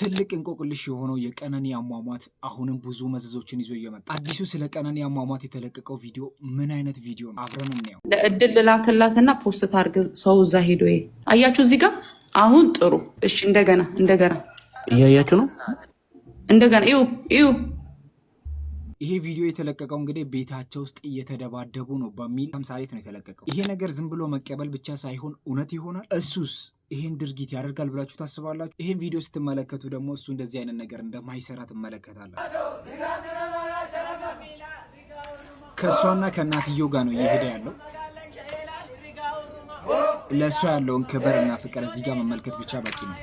ትልቅ እንቆቅልሽ የሆነው የቀነኒ አሟሟት አሁንም ብዙ መዘዞችን ይዞ እየመጣ አዲሱ ስለ ቀነኒ አሟሟት የተለቀቀው ቪዲዮ ምን አይነት ቪዲዮ ነው? አብረን እናየው። ለእድል ልላክላትና ፖስት ታርግ ሰው እዛ ሄዶ አያችሁ። እዚህ ጋር አሁን ጥሩ እሺ። እንደገና እንደገና እያያችሁ ነው። እንደገና ይሁ ይሁ ይሄ ቪዲዮ የተለቀቀው እንግዲህ ቤታቸው ውስጥ እየተደባደቡ ነው በሚል ተምሳሌት ነው የተለቀቀው። ይሄ ነገር ዝም ብሎ መቀበል ብቻ ሳይሆን እውነት ይሆናል እሱስ ይህን ድርጊት ያደርጋል ብላችሁ ታስባላችሁ? ይህን ቪዲዮ ስትመለከቱ ደግሞ እሱ እንደዚህ አይነት ነገር እንደማይሰራ ትመለከታለ። ከእሷና ከእናትየው ጋር ነው እየሄደ ያለው። ለእሷ ያለውን ክብርና ፍቅር እዚህ ጋር መመልከት ብቻ በቂ ነው።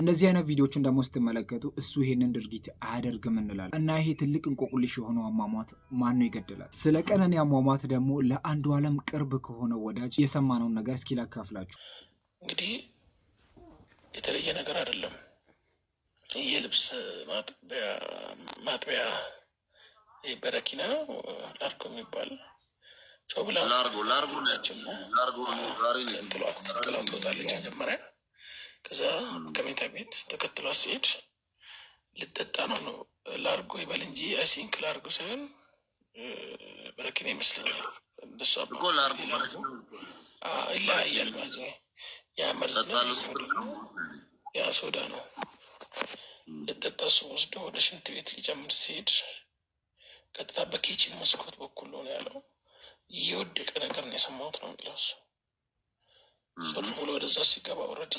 እንደዚህ አይነት ቪዲዮዎችን ደግሞ ስትመለከቱ እሱ ይሄንን ድርጊት አያደርግም እንላለን እና ይሄ ትልቅ እንቆቁልሽ የሆነው አሟሟት ማን ነው ይገድላል? ስለ ቀነኒ አሟሟት ደግሞ ለአንዱ አለም ቅርብ ከሆነ ወዳጅ የሰማነውን ነገር እስኪ ላካፍላችሁ። እንግዲህ የተለየ ነገር አይደለም። የልብስ ማጥቢያ በረኪና ነው ላርጎ የሚባል ጮብላ ላርጎ ላርጎ ላርጎ ላርጎ ላርጎ ላርጎ ከዛ ከሜታ ቤት ተከትሏ ሲሄድ ልጠጣ ነው ነው ላርጎ ይበል እንጂ አይሲንክ ላርጎ ሳይሆን በረኪና ይመስለኛል። ይለያያል ማለት ነው። ያ መርዝ ያ ሶዳ ነው። ልጠጣ እሱ ወስዶ ወደ ሽንት ቤት ሊጨምር ሲሄድ ቀጥታ በኪችን መስኮት በኩል ሆነ ያለው የወደቀ ነገር ነው የሰማሁት ነው የሚለው እሱ ብሎ ወደዛ ሲገባ ኦልሬዲ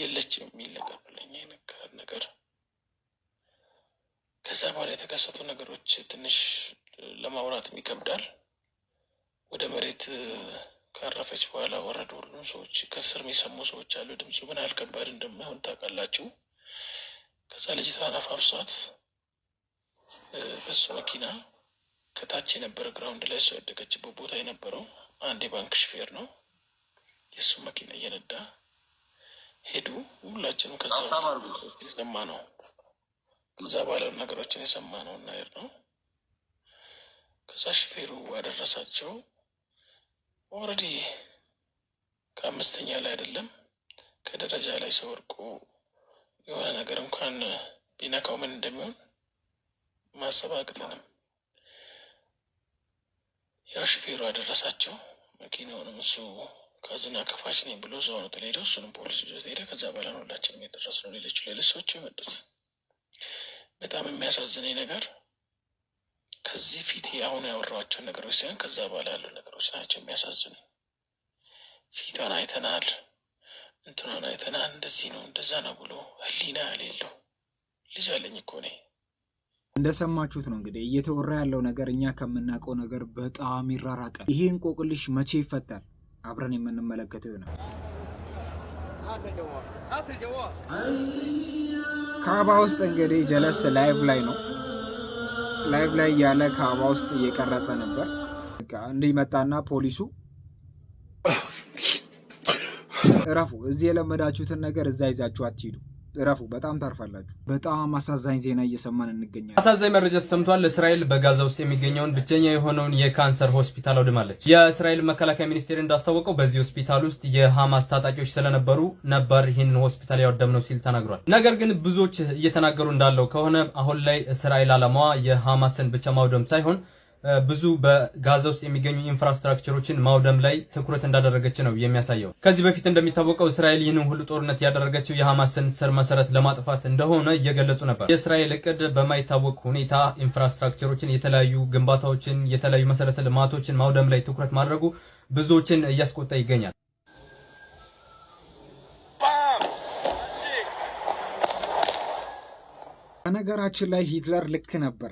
የለችም የሚል ነገር ብለኛ የነገረን ነገር ከዛ በኋላ የተከሰቱ ነገሮች ትንሽ ለማውራትም ይከብዳል። ወደ መሬት ካረፈች በኋላ ወረዱ ሁሉም ሰዎች ከስር የሚሰሙ ሰዎች አሉ። ድምፁ ምን ያህል ከባድ እንደማይሆን ታውቃላችሁ። ከዛ ልጅቷ አናፋብሷት በሱ መኪና ከታች የነበረ ግራውንድ ላይ እሱ ያደገችበት ቦታ የነበረው አንድ የባንክ ሹፌር ነው። የእሱ መኪና እየነዳ ሄዱ። ሁላችንም ከዛ ነው እዛ ባለው ነገሮችን የሰማ ነው እና ሄድ ነው። ከዛ ሽፌሩ ያደረሳቸው ኦልሬዲ ከአምስተኛ ላይ አይደለም ከደረጃ ላይ ሰው ወርቆ የሆነ ነገር እንኳን ቢነካው ምን እንደሚሆን ማሰብ አቅተንም ያው ሽፌሩ አደረሳቸው መኪናውንም እሱ ከዝና ከፋች ነኝ ብሎ ሰው ነው ተለሄደ። እሱንም ፖሊስ ይዞት ሄደ። ከዛ በኋላ ነው ሁላችንም ነው ሌሎች ሌሎች ሰዎች የመጡት በጣም የሚያሳዝነኝ ነገር ከዚህ ፊት አሁን ያወራኋቸው ነገሮች ሳይሆን ከዛ በኋላ ያሉ ነገሮች ናቸው የሚያሳዝኑ። ፊቷን አይተናል፣ እንትኗን አይተናል፣ እንደዚህ ነው እንደዛ ነው ብሎ ህሊና የሌለው ልጅ አለኝ እኮ እኔ። እንደሰማችሁት ነው እንግዲህ እየተወራ ያለው ነገር እኛ ከምናውቀው ነገር በጣም ይራራቃል። ይሄ እንቆቅልሽ መቼ ይፈታል? አብረን የምንመለከተው ይሆናል። ካባ ውስጥ እንግዲህ ጀለስ ላይቭ ላይ ነው። ላይቭ ላይ ያለ ካባ ውስጥ እየቀረጸ ነበር። እንዲህ መጣና ፖሊሱ እረፉ፣ እዚህ የለመዳችሁትን ነገር እዛ ይዛችሁ አትሂዱ እረፉ። በጣም ታርፋላችሁ። በጣም አሳዛኝ ዜና እየሰማን እንገኛለን። አሳዛኝ መረጃ ተሰምቷል። እስራኤል በጋዛ ውስጥ የሚገኘውን ብቸኛ የሆነውን የካንሰር ሆስፒታል አውድማለች። የእስራኤል መከላከያ ሚኒስቴር እንዳስታወቀው በዚህ ሆስፒታል ውስጥ የሐማስ ታጣቂዎች ስለነበሩ ነበር ይህንን ሆስፒታል ያወደምነው ሲል ተናግሯል። ነገር ግን ብዙዎች እየተናገሩ እንዳለው ከሆነ አሁን ላይ እስራኤል አላማዋ የሐማስን ብቻ ማውደም ሳይሆን ብዙ በጋዛ ውስጥ የሚገኙ ኢንፍራስትራክቸሮችን ማውደም ላይ ትኩረት እንዳደረገች ነው የሚያሳየው። ከዚህ በፊት እንደሚታወቀው እስራኤል ይህንን ሁሉ ጦርነት ያደረገችው የሐማስን ስር መሰረት ለማጥፋት እንደሆነ እየገለጹ ነበር። የእስራኤል እቅድ በማይታወቅ ሁኔታ ኢንፍራስትራክቸሮችን፣ የተለያዩ ግንባታዎችን፣ የተለያዩ መሰረተ ልማቶችን ማውደም ላይ ትኩረት ማድረጉ ብዙዎችን እያስቆጣ ይገኛል። በነገራችን ላይ ሂትለር ልክ ነበር።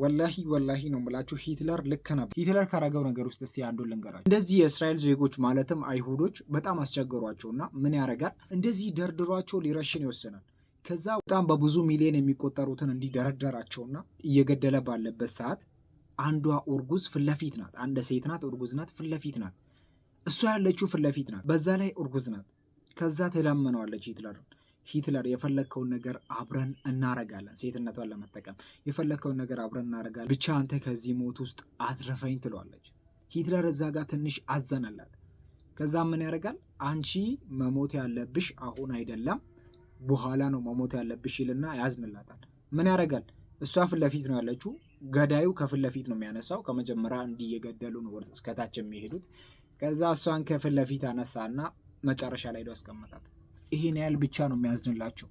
ወላሂ ወላሂ ነው የምላችሁ፣ ሂትለር ልክ ነበር። ሂትለር ካረገው ነገር ውስጥ እስቲ አንዱን ልንገራችሁ። እንደዚህ የእስራኤል ዜጎች ማለትም አይሁዶች በጣም አስቸገሯቸውና ምን ያደርጋል? እንደዚህ ደርድሯቸው ሊረሽን ይወስናል። ከዛ በጣም በብዙ ሚሊዮን የሚቆጠሩትን እንዲደረደራቸውና እየገደለ ባለበት ሰዓት አንዷ እርጉዝ ፍለፊት ናት። አንድ ሴት ናት፣ እርጉዝ ናት፣ ፍለፊት ናት። እሷ ያለችው ፍለፊት ናት፣ በዛ ላይ እርጉዝ ናት። ከዛ ትለምነዋለች ሂትለር ሂትለር የፈለግከውን ነገር አብረን እናረጋለን። ሴትነቷን ለመጠቀም የፈለግከውን ነገር አብረን እናረጋለን፣ ብቻ አንተ ከዚህ ሞት ውስጥ አትረፈኝ ትሏለች። ሂትለር እዛ ጋር ትንሽ አዘነላት። ከዛ ምን ያደርጋል? አንቺ መሞት ያለብሽ አሁን አይደለም በኋላ ነው መሞት ያለብሽ ይልና ያዝንላታል። ምን ያደርጋል? እሷ ፊት ለፊት ነው ያለችው። ገዳዩ ከፊት ለፊት ነው የሚያነሳው። ከመጀመሪያ እንዲህ እየገደሉ ነው እስከታች የሚሄዱት። ከዛ እሷን ከፊት ለፊት አነሳና መጨረሻ ላይ ሄዶ አስቀመጣት። ይሄን ያህል ብቻ ነው የሚያዝንላቸው።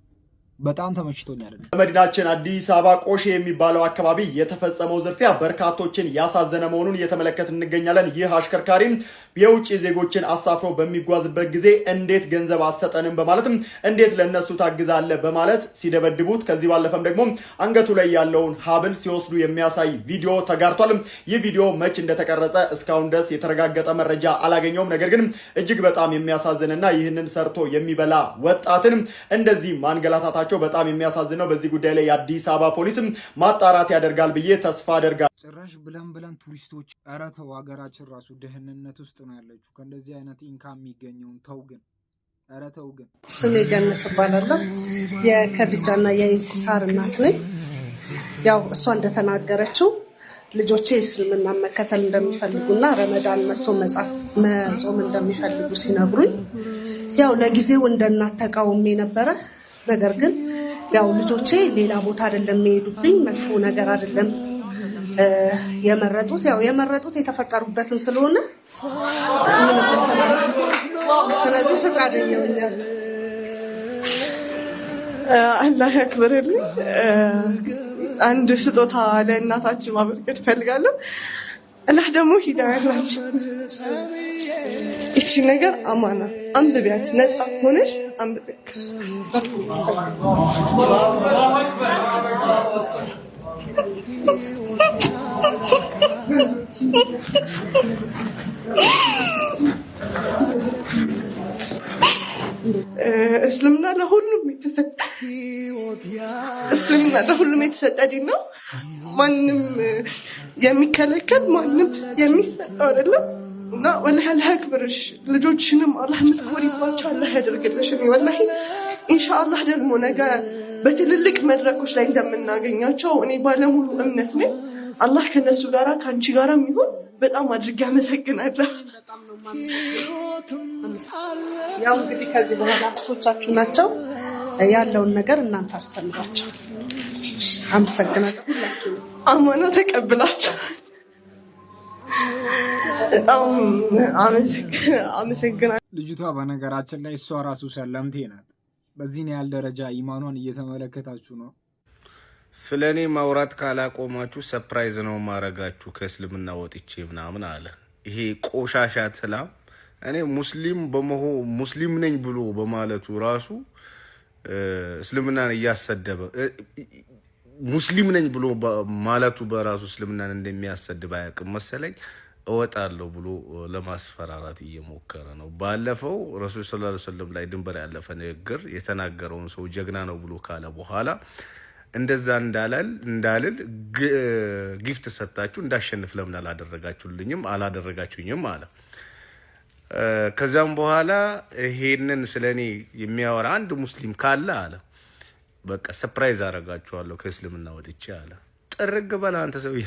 በጣም ተመችቶኛል። በመዲናችን አዲስ አበባ ቆሼ የሚባለው አካባቢ የተፈጸመው ዝርፊያ በርካቶችን ያሳዘነ መሆኑን እየተመለከት እንገኛለን። ይህ አሽከርካሪም የውጭ ዜጎችን አሳፍሮ በሚጓዝበት ጊዜ እንዴት ገንዘብ አሰጠንም በማለትም እንዴት ለእነሱ ታግዛለ በማለት ሲደበድቡት፣ ከዚህ ባለፈም ደግሞ አንገቱ ላይ ያለውን ሀብል ሲወስዱ የሚያሳይ ቪዲዮ ተጋርቷል። ይህ ቪዲዮ መች እንደተቀረጸ እስካሁን ድረስ የተረጋገጠ መረጃ አላገኘውም። ነገር ግን እጅግ በጣም የሚያሳዝንና ይህንን ሰርቶ የሚበላ ወጣትን እንደዚህ ማንገላታታቸው መሆናቸው በጣም የሚያሳዝን ነው። በዚህ ጉዳይ ላይ የአዲስ አበባ ፖሊስም ማጣራት ያደርጋል ብዬ ተስፋ አደርጋል። ጭራሽ ብለን ብለን ቱሪስቶች ኧረ ተው፣ ሀገራችን ራሱ ደህንነት ውስጥ ነው ያለችው ከእንደዚህ አይነት ኢንካ የሚገኘውን ተው ግን ኧረ ተው ግን። ስሜ ገነት እባላለሁ የከድጃና የኢንቲሳር እናት ነኝ። ያው እሷ እንደተናገረችው ልጆቼ እስልምና መከተል እንደሚፈልጉና ረመዳን መጥቶ መጽሐፍ መጾም እንደሚፈልጉ ሲነግሩኝ ያው ለጊዜው እንደናት ተቃውሜ ነበረ። ነገር ግን ያው ልጆቼ ሌላ ቦታ አይደለም የሚሄዱብኝ፣ መጥፎ ነገር አይደለም የመረጡት። ያው የመረጡት የተፈጠሩበትን ስለሆነ ስለዚህ ፈቃደኛ አላህ ያክብርልኝ። አንድ ስጦታ ለእናታችን ማበርከት እፈልጋለሁ። አላህ ደግሞ ሂዳያ እቺ ነገር አማና አንብቢያት፣ ነፃ ሆነሽ እስልምና ለሁሉም የተሰጠ እስልምና ለሁሉም የተሰጠ ዲን ነው። ማንም የሚከለከል ማንም የሚሰጠው አይደለም። እና ወላሂ አላህ ያክብርሽ። ልጆችንም አላህ የምትኮሪባቸው አላህ ያደርግልሽ። ወላሂ ኢንሻአላህ ደግሞ ነገ በትልልቅ መድረኮች ላይ እንደምናገኛቸው እኔ ባለሙሉ እምነት ነኝ። አላህ ከነሱ ጋራ ከአንቺ ጋራ የሚሆን በጣም አድርጌ አመሰግናለሁ። ያው እንግዲህ ከዚህ በኋላ እህቶቻችሁ ናቸው ያለውን ነገር እናንተ አስተምሯቸው። አመሰግናለሁ። አማና ተቀብላቸው። በጣም አመሰግናለሁ። ልጅቷ በነገራችን ላይ እሷ ራሱ ሰለምቴ ናት። በዚህን ያህል ደረጃ ኢማኗን እየተመለከታችሁ ነው። ስለ እኔ ማውራት ካላቆማችሁ ሰፕራይዝ ነው ማረጋችሁ ከእስልምና ወጥቼ ምናምን አለ። ይሄ ቆሻሻ ትላም እኔ ሙስሊም በመሆ ሙስሊም ነኝ ብሎ በማለቱ ራሱ እስልምናን እያሰደበ ሙስሊም ነኝ ብሎ ማለቱ በራሱ እስልምናን እንደሚያሰድብ አያውቅም መሰለኝ እወጣለሁ ብሎ ለማስፈራራት እየሞከረ ነው። ባለፈው ረሱል ሰለላሁ ዐለይሂ ላይ ድንበር ያለፈ ንግግር የተናገረውን ሰው ጀግና ነው ብሎ ካለ በኋላ እንደዛ እንዳላል እንዳልል ጊፍት ሰጣችሁ እንዳሸንፍ ለምን አላደረጋችሁልኝም አላደረጋችሁኝም አለ። ከዚያም በኋላ ይሄንን ስለ እኔ የሚያወራ አንድ ሙስሊም ካለ አለ በቃ ሰፕራይዝ አረጋችኋለሁ ከእስልምና ወጥቼ አለ። ጥርግ በላ አንተ ሰውዬ።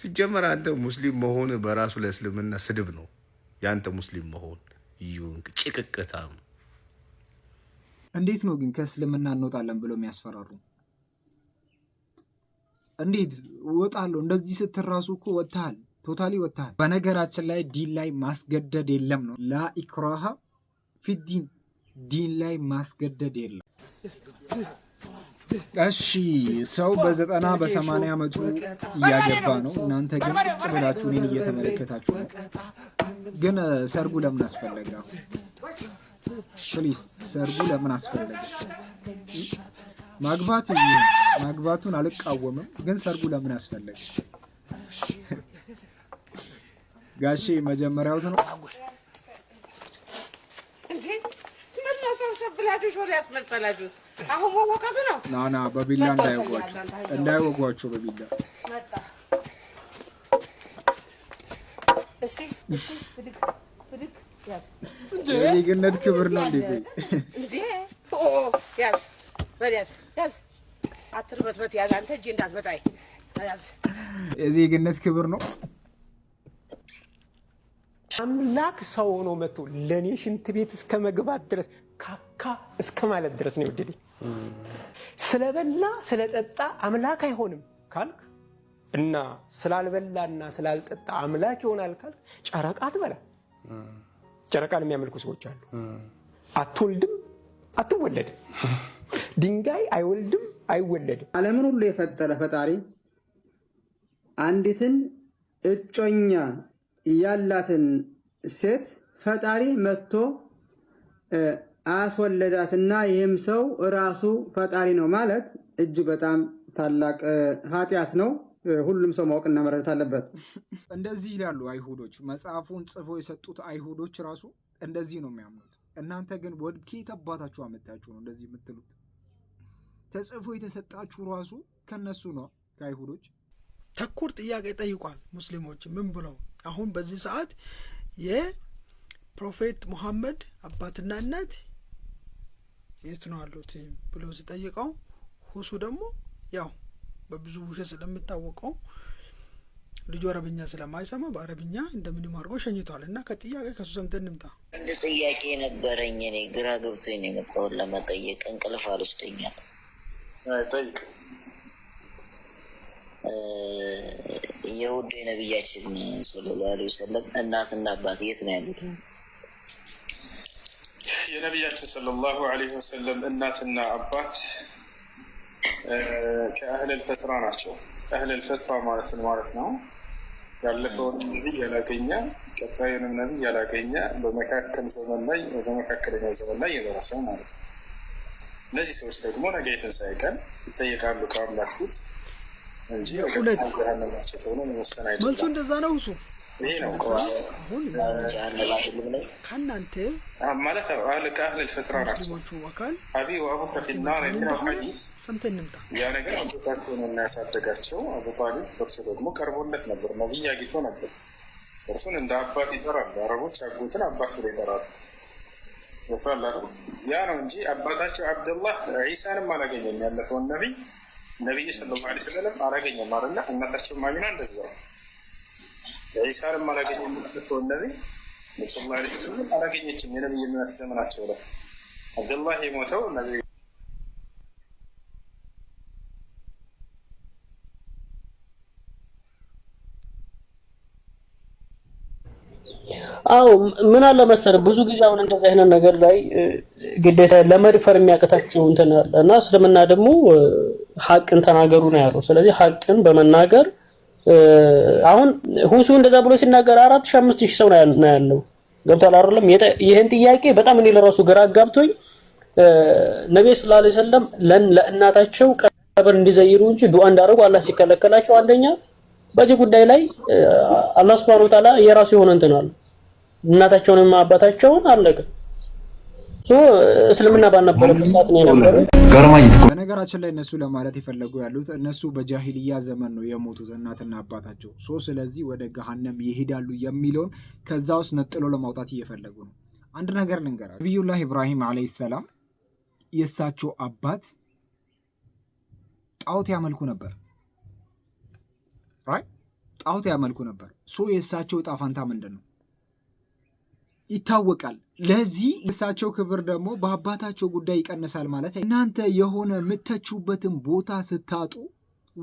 ሲጀመር አንተ ሙስሊም መሆን በራሱ ለእስልምና ስድብ ነው። የአንተ ሙስሊም መሆን ይሁን ጭቅቅታም። እንዴት ነው ግን ከእስልምና እንወጣለን ብለው የሚያስፈራሩ? እንዴት እወጣለሁ? እንደዚህ ስትራሱ እኮ ወጥተሃል፣ ቶታሊ ወጥተሃል። በነገራችን ላይ ዲን ላይ ማስገደድ የለም ነው ላኢክራሃ ፊዲን ዲን ላይ ማስገደድ የለም። እሺ ሰው በዘጠና በሰማንያ ዓመቱ እያገባ ነው። እናንተ ግን ቁጭ ብላችሁ እኔን እየተመለከታችሁ ነው። ግን ሰርጉ ለምን አስፈለገ? ፕሊስ ሰርጉ ለምን አስፈለገ? ማግባት ማግባቱን አልቃወምም፣ ግን ሰርጉ ለምን አስፈለገ? ጋሼ መጀመሪያውት ነው ያስጠላችሁት? አሁን መወቀቱ ነው። ና ና፣ በቢላ እንዳይወጓችሁ እንዳይወጓችሁ፣ በቢላ የዜግነት ክብር ነው። እንዴ ያዝ፣ በያዝ፣ ያዝ፣ አትርበትበት፣ ያዝ። አንተ እጄ እንዳትበጣይ፣ የዜግነት ክብር ነው። አምላክ ሰው ሆኖ መጥቶ ለእኔ ሽንት ቤት እስከ መግባት ድረስ ተካ እስከ ማለት ድረስ ነው የወደደኝ። ስለበላ ስለጠጣ አምላክ አይሆንም ካልክ እና ስላልበላና ስላልጠጣ አምላክ ይሆናል ካልክ ጨረቃ አትበላ። ጨረቃን የሚያመልኩ ሰዎች አሉ። አትወልድም አትወለድም። ድንጋይ አይወልድም አይወለድም። ዓለምን ሁሉ የፈጠረ ፈጣሪ አንዲትን እጮኛ ያላትን ሴት ፈጣሪ መጥቶ አስወለዳትና ይህም ሰው ራሱ ፈጣሪ ነው ማለት እጅግ በጣም ታላቅ ኃጢአት ነው። ሁሉም ሰው ማወቅና መረዳት አለበት። እንደዚህ ይላሉ አይሁዶች። መጽሐፉን ጽፎ የሰጡት አይሁዶች ራሱ እንደዚህ ነው የሚያምኑት። እናንተ ግን ወዴት አባታችሁ አመጣችሁ ነው እንደዚህ የምትሉት? ተጽፎ የተሰጣችሁ ራሱ ከነሱ ነው ከአይሁዶች። ተኩር ጥያቄ ጠይቋል ሙስሊሞች ምን ብለው አሁን በዚህ ሰዓት የፕሮፌት ሙሐመድ አባትና እናት የት ነው አሉት ብሎ ሲጠይቀው ሁሱ ደግሞ ያው በብዙ ውሸት ስለምታወቀው ልጁ አረብኛ ስለማይሰማ በአረብኛ እንደምንም አድርጎ ሸኝቷል። እና ከጥያቄ ከሱ ሰምተን እንምጣ። አንድ ጥያቄ ነበረኝ። እኔ ግራ ገብቶኝ ነው የመጣሁት ለመጠየቅ። እንቅልፍ አልወስደኛል። ጠይቅ። የውድ የነቢያችን ሰለላሁ ዐለይሂ ወሰለም እናትና አባት የት ነው ያሉት? የነቢያችን ሰለላሁ አለይሂ ወሰለም እናትና አባት ከአህለል ፈትራ ናቸው። አህለል ፈትራ ማለትን ማለት ነው ያለፈውን ነቢይ ያላገኘ ቀጣዩንም ነቢይ ያላገኘ በመካከል ዘመን ላይ በመካከለኛው ዘመን ላይ የደረሰው ማለት ነው። እነዚህ ሰዎች ደግሞ ነገ የትንሣኤ ቀን ይጠየቃሉ ከአምላክ ፊት እንጂ ናቸው ተብሎ መወሰን አይደለም። መልሱ እንደዛ ነው እሱ ይሄ ነው ከእናንተ ማለት ከአህል ልፈትራ ናቸው አቢ ወአቡ ከፊናር የሚለው ሐዲስ ሰምተን እንምጣ። ያ ነገር አባታቸውን የሚያሳደጋቸው አቡ ጣሊብ እርሱ ደግሞ ቀርቦለት ነበር፣ ነቢይ አግኝቶ ነበር። እርሱን እንደ አባት ይጠራሉ። አረቦች አጎትን አባት ብሎ ይጠራሉ። ያ ነው እንጂ አባታቸው አብደላህ ዒሳንም አላገኘም። ያለፈውን ነቢይ ነቢይ ሰለላሁ ዐለይሂ ወሰለም አላገኘም አለ። እናታቸው ማሚና እንደዛ ነው ኢሳንም አላገኘም የምትለው ነቢ ነብስ ላ አላገኘችም። የነቢይ እምነት ዘመናቸው ላይ አብደላህ የሞተው ነቢ አው ምን አለ መሰለ ብዙ ጊዜ አሁን እንደዚህ አይነት ነገር ላይ ግዴታ ለመድፈር የሚያቅታቸው እንትን አለ እና እስልምና ደግሞ ሀቅን ተናገሩ ነው ያለው። ስለዚህ ሀቅን በመናገር አሁን ሁሱ እንደዛ ብሎ ሲናገር አራት ሺህ አምስት ሺህ ሰው ነው ያለው። ገብቷል አይደለም? ይህን ጥያቄ በጣም እኔ ለራሱ ግራ አጋብቶኝ ነቢዩ ሰለላሁ ዐለይሂ ወሰለም ለእናታቸው ቀብር እንዲዘይሩ እንጂ ዱዓ እንዳደረጉ አላህ ሲከለከላቸው አንደኛ በዚህ ጉዳይ ላይ አላህ ሱብሃነሁ ወተዓላ የራሱ የሆነ እንትን አለ። እናታቸውንና አባታቸውን አለቀ እስልምና ባልነበረበት ሰዓት ነው የነበረ። በነገራችን ላይ እነሱ ለማለት የፈለጉ ያሉት እነሱ በጃሂልያ ዘመን ነው የሞቱት እናትና አባታቸው ሶ ስለዚህ ወደ ገሃነም ይሄዳሉ የሚለውን ከዛ ውስጥ ነጥሎ ለማውጣት እየፈለጉ ነው። አንድ ነገር ልንገራ፣ ነቢዩላህ ኢብራሂም ዓለይሂ ሰላም የእሳቸው አባት ጣዖት ያመልኩ ነበር፣ ጣዖት ያመልኩ ነበር። ሶ የእሳቸው እጣ ምንድን ነው? ይታወቃል። ለዚህ እሳቸው ክብር ደግሞ በአባታቸው ጉዳይ ይቀንሳል ማለት እናንተ የሆነ የምተቹበትን ቦታ ስታጡ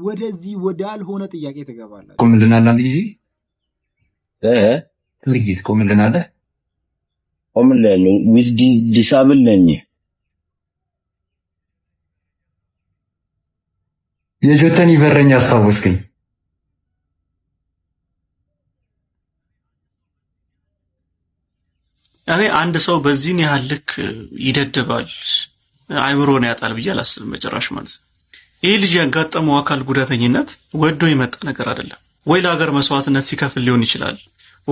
ወደዚህ ወዳልሆነ ጥያቄ ትገባላችሁ። ቆምልናል፣ አንድ ጊዜ ትርጊት ቆምልናለ፣ ቆምልናለ ዊዝ ዲሳብል ነኝ የጆተን ይበረኝ አስታወስክኝ። እኔ አንድ ሰው በዚህን ያህል ልክ ይደደባል፣ አይምሮን ያጣል ብዬ አላስብም በጭራሽ ማለት ነው። ይህ ልጅ ያጋጠመው አካል ጉዳተኝነት ወዶ የመጣ ነገር አይደለም። ወይ ለሀገር መስዋዕትነት ሲከፍል ሊሆን ይችላል፣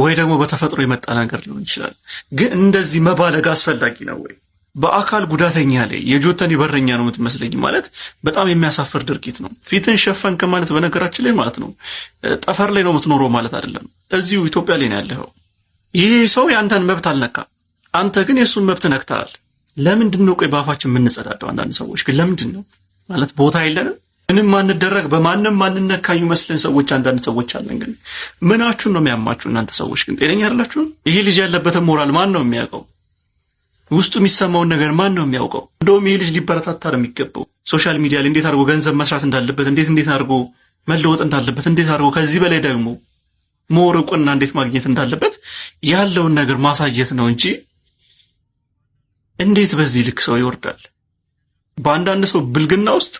ወይ ደግሞ በተፈጥሮ የመጣ ነገር ሊሆን ይችላል። ግን እንደዚህ መባለግ አስፈላጊ ነው ወይ? በአካል ጉዳተኛ ላይ የጆተኒ በረኛ ነው የምትመስለኝ ማለት በጣም የሚያሳፍር ድርጊት ነው። ፊትን ሸፈንክ ማለት በነገራችን ላይ ማለት ነው ጠፈር ላይ ነው የምትኖረው ማለት አይደለም። እዚሁ ኢትዮጵያ ላይ ነው ያለኸው። ይህ ሰው የአንተን መብት አልነካም፣ አንተ ግን የእሱን መብት ነክተሃል። ለምንድን ነው ቆይ በአፋችን የምንጸዳደው? አንዳንድ ሰዎች ግን ለምንድን ነው ማለት ቦታ የለንም ምንም ማንደረግ በማንም ማንነካ ይመስልን ሰዎች አንዳንድ ሰዎች አለን። ግን ምናችሁን ነው የሚያማችሁ እናንተ ሰዎች? ግን ጤነኛ አይደላችሁ። ይሄ ልጅ ያለበትን ሞራል ማን ነው የሚያውቀው? ውስጡ የሚሰማውን ነገር ማን ነው የሚያውቀው? እንደውም ይሄ ልጅ ሊበረታታ ነው የሚገባው። ሶሻል ሚዲያ ላይ እንዴት አድርጎ ገንዘብ መስራት እንዳለበት፣ እንዴት እንዴት አድርጎ መለወጥ እንዳለበት፣ እንዴት አድርጎ ከዚህ በላይ ደግሞ ሞር እውቅና እንዴት ማግኘት እንዳለበት ያለውን ነገር ማሳየት ነው እንጂ እንዴት በዚህ ልክ ሰው ይወርዳል? በአንዳንድ ሰው ብልግና ውስጥ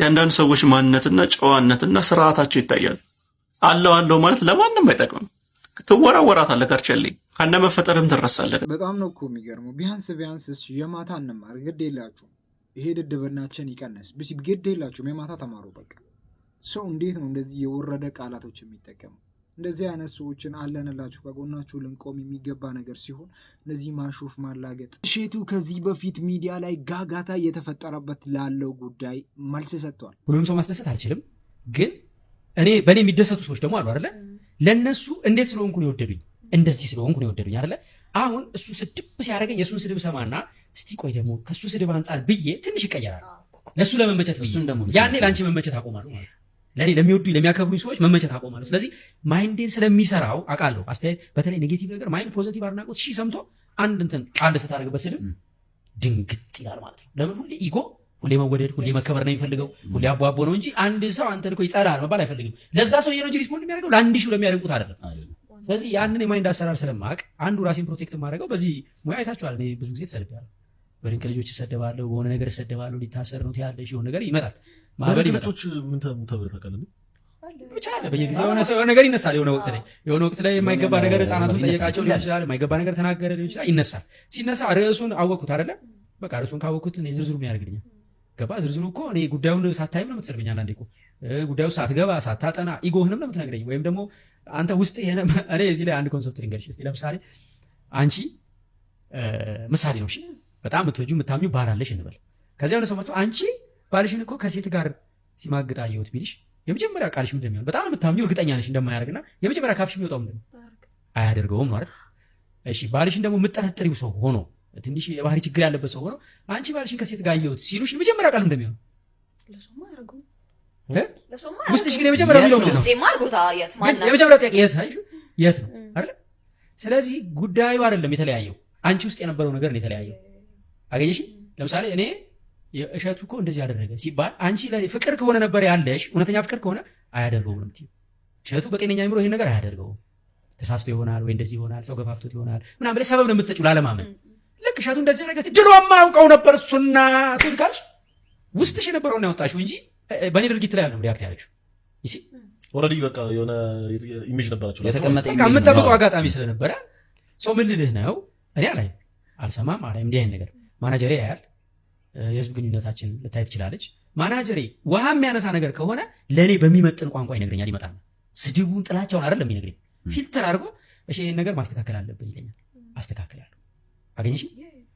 የአንዳንድ ሰዎች ማንነትና ጨዋነትና ስርዓታቸው ይታያል። አለው አለው ማለት ለማንም አይጠቅምም። ትወራወራት አለ ከርቸልኝ ከነ መፈጠርም ትረሳለን። በጣም ነው እኮ የሚገርመው። ቢያንስ ቢያንስ እሱ የማታ እንማር ግድ የላችሁም ይሄ ድድብናችን ይቀነስ ብስ ግድ የላችሁም የማታ ተማሩ። በቃ ሰው እንዴት ነው እንደዚህ የወረደ ቃላቶች የሚጠቀመው? እንደዚህ አይነት ሰዎችን አለንላችሁ ከጎናችሁ ልንቆም የሚገባ ነገር ሲሆን እነዚህ ማሾፍ፣ ማላገጥ እሸቱ ከዚህ በፊት ሚዲያ ላይ ጋጋታ እየተፈጠረበት ላለው ጉዳይ መልስ ሰጥቷል። ሁሉም ሰው ማስደሰት አልችልም፣ ግን እኔ በእኔ የሚደሰቱ ሰዎች ደግሞ አሉ አይደለ? ለእነሱ እንዴት ስለሆንኩ ነው የወደዱኝ፣ እንደዚህ ስለሆንኩ ነው የወደዱኝ አይደለ? አሁን እሱ ስድብ ሲያደርገኝ የእሱን ስድብ ሰማና እስቲ ቆይ ደግሞ ከእሱ ስድብ አንጻር ብዬ ትንሽ ይቀየራል፣ ለእሱ ለመመቸት ብዬ ያኔ ለአንቺ መመቸት አቆማለሁ ማለት ነው ለእኔ ለሚወዱ ለሚያከብሩኝ ሰዎች መመቸት አቆማለሁ። ስለዚህ ማይንዴን ስለሚሰራው አውቃለሁ። አስተያየት በተለይ ኔጌቲቭ ነገር ማይንድ ፖዘቲቭ አድናቆት ሺህ ሰምቶ አንድ እንትን ቃል ስታደርግበት ስድብ ድንግጥ ይላል ማለት ነው። ለምን ሁሌ ኢጎ፣ ሁሌ መወደድ፣ ሁሌ መከበር ነው የሚፈልገው። ሁሌ አቦ ነው እንጂ አንድ ሰው አንተን እኮ ይጠላል መባል አይፈልግም። ለዛ ሰው ነው ሪስፖንድ የሚያደርገው ለአንድ ሺው ለሚያደርጉት አይደለም። ስለዚህ ያንን የማይንድ አሰራር ስለማቅ አንዱ ራሴን ፕሮቴክት የማደርገው በዚህ ሙያ አይታችኋል። ብዙ ጊዜ ተሰድቤያለሁ። በድንቅ ልጆች ይሰደባለሁ፣ በሆነ ነገር ይሰደባለሁ። ሊታሰር ነው ትያለሽ፣ የሆነ ነገር ይመጣል ማህበር ይመጣል። ብቻ በየጊዜው የሆነ ነገር ይነሳል። የሆነ ወቅት ላይ የሆነ ወቅት ላይ የማይገባ ነገር ህፃናቱን ጠየቃቸው ሊሆን ይችላል፣ የማይገባ ነገር ተናገረ ሊሆን ይችላል። ይነሳል። ሲነሳ ርዕሱን አወቅኩት አደለ? በቃ ርዕሱን ካወቅኩት እኔ ዝርዝሩ ምን ያደርግልኛል? ገባ ዝርዝሩ እኮ እኔ ጉዳዩን ሳታይም ነው የምትሰርብኝ። አንዳንዴ እኮ ጉዳዩ ሳትገባ ሳታጠና ኢጎህንም ነው የምትነግረኝ። ወይም ደግሞ አንተ ውስጥ እኔ እዚህ ላይ አንድ ኮንሰፕት ልንገርሽ እስኪ። ለምሳሌ አንቺ ምሳሌ ነው በጣም የምትወጂው የምታምኚው ባል አለሽ እንበል። ከዚያ የሆነ ሰው መጥቶ አንቺ ባልሽን እኮ ከሴት ጋር ሲማግጥ አየሁት ቢልሽ የመጀመሪያ ቃልሽ ምንድን ነው በጣም የምታምኚው እርግጠኛ ነሽ እንደማያደርግና የመጀመሪያ ካፍሽ የሚወጣው ምንድን ነው? አያደርገውም ማለት እሺ ባልሽን ደግሞ የምጠረጥሪው ሰው ሆኖ ትንሽ የባህሪ ችግር ያለበት ሰው ሆኖ አንቺ ባልሽን ከሴት ጋር አየሁት ሲሉሽ የመጀመሪያ ቃል ምንድን ነው ውስጥሽ ግን የመጀመሪያ የሚለው ምንድን ነው? የመጀመሪያ ጥያቄ የት ነው የት ነው አይደለ? ስለዚህ ጉዳዩ አይደለም የተለያየው፣ አንቺ ውስጥ የነበረው ነገር ነው የተለያየው። አገኘሽ? ለምሳሌ እኔ እሸቱ እኮ እንደዚህ አደረገ ሲባል አንቺ ላይ ፍቅር ከሆነ ነበር ያለሽ እውነተኛ ፍቅር ከሆነ አያደርገውም ነው እሸቱ በጤነኛ አይምሮ ይሄን ነገር አያደርገውም ተሳስቶ ይሆናል ወይ እንደዚህ ይሆናል ሰው ገፋፍቶት ይሆናል ምናምን ብለሽ ሰበብ ነው የምትሰጪው ላለማመን ልክ እሸቱ እንደዚህ አደረገ ድሮ የማያውቀው ነበር እሱና እንትን ካልሽ ውስጥሽ የነበረውን ያወጣሽው እንጂ በእኔ ድርጊት ላይ ነው ሪያክት ያደረግሽው ኦልሬዲ በቃ የሆነ ኢሜጅ ነበራቸው የተቀመጠ የምጠብቀው አጋጣሚ ስለነበረ ሰው ምን ልልህ ነው እኔ አላይ አልሰማም አላይ እንዲህ አይነት ነገር ማናጀሬ ያያል የህዝብ ግንኙነታችን ልታይ ትችላለች። ማናጀሬ ውሃ የሚያነሳ ነገር ከሆነ ለእኔ በሚመጥን ቋንቋ ይነግረኛል። ይመጣል ነው ስድቡን ጥላቸውን አይደለም የሚነግረኝ፣ ፊልተር አድርጎ እሺ ይህን ነገር ማስተካከል አለብን ይለኛል። አስተካክላለሁ። አገኘሽ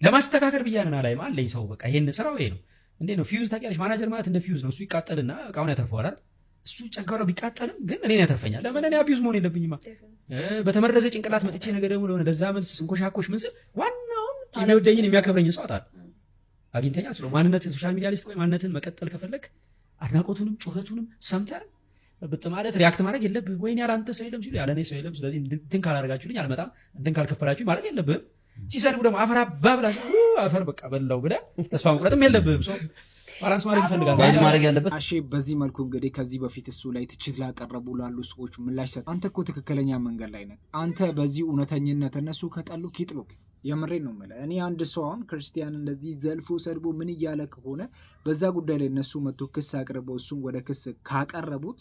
ለማስተካከል ብያንና ላይ አለኝ ሰው በቃ ይሄን ስራው ይሄ ነው። እንዴት ነው ፊውዝ ታውቂያለሽ? ማናጀር ማለት እንደ ፊውዝ ነው። እሱ ይቃጠልና እቃውን ያተርፈዋል አይደል? እሱ ጨጓራው ቢቃጠልም ግን እኔን ያተርፈኛል። ለምን እኔ አቢዩዝ መሆን የለብኝማ። በተመረዘ ጭንቅላት መጥቼ ነገር ደግሞ ለሆነ ለዛ መልስ ስንኮሻኮሽ ምን ስል ዋናውን የሚወደኝን የሚያከብረኝ ሰው አጣለሁ። አግኝተኛ ስለ ማንነት ሶሻል ሚዲያ ሊስት ስትቆይ ማንነትን መቀጠል ከፈለግ አድናቆቱንም ጩኸቱንም ሰምተህ ማለት ሪያክት ማድረግ የለብህ። ወይ ያላንተ ሰው የለም ሲሉ ያለኔ ሰው የለም፣ ስለዚህ እንትን ካላደረጋችሁልኝ አልመጣም፣ እንትን ካልከፈላችሁ ማለት የለብህም። ሲሰድቡ ደግሞ አፈር አባ ብላ አፈር በቃ በላው ብለህ ተስፋ መቁረጥም የለብህም። ሰው ባላንስ ማድረግ ይፈልጋል ማድረግ ያለበት። እሺ፣ በዚህ መልኩ እንግዲህ ከዚህ በፊት እሱ ላይ ትችት ላቀረቡ ላሉ ሰዎች ምላሽ ሰጥ። አንተ እኮ ትክክለኛ መንገድ ላይ ነህ። አንተ በዚህ እውነተኝነት እነሱ ከጠሉ ይጥሉክ የምሬ ነው የምልህ። እኔ አንድ ሰው አሁን ክርስቲያን እንደዚህ ዘልፎ ሰድቦ ምን እያለ ከሆነ በዛ ጉዳይ ላይ እነሱ መቶ ክስ አቅርበው እሱን ወደ ክስ ካቀረቡት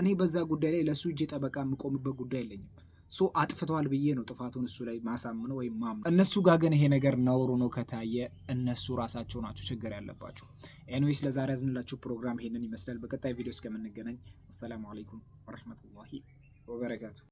እኔ በዛ ጉዳይ ላይ ለእሱ እጅ ጠበቃ የምቆምበት ጉዳይ የለኝም። ሶ አጥፍተዋል ብዬ ነው ጥፋቱን እሱ ላይ ማሳምነው ወይም ማምነው። እነሱ ጋር ግን ይሄ ነገር ነውሩ ነው ከታየ እነሱ ራሳቸው ናቸው ችግር ያለባቸው። ኤንዌይስ ለዛሬ ያዝንላችሁ ፕሮግራም ይሄንን ይመስላል። በቀጣይ ቪዲዮ እስከምንገናኝ አሰላሙ አለይኩም ወረህመቱላሂ ወበረካቱ።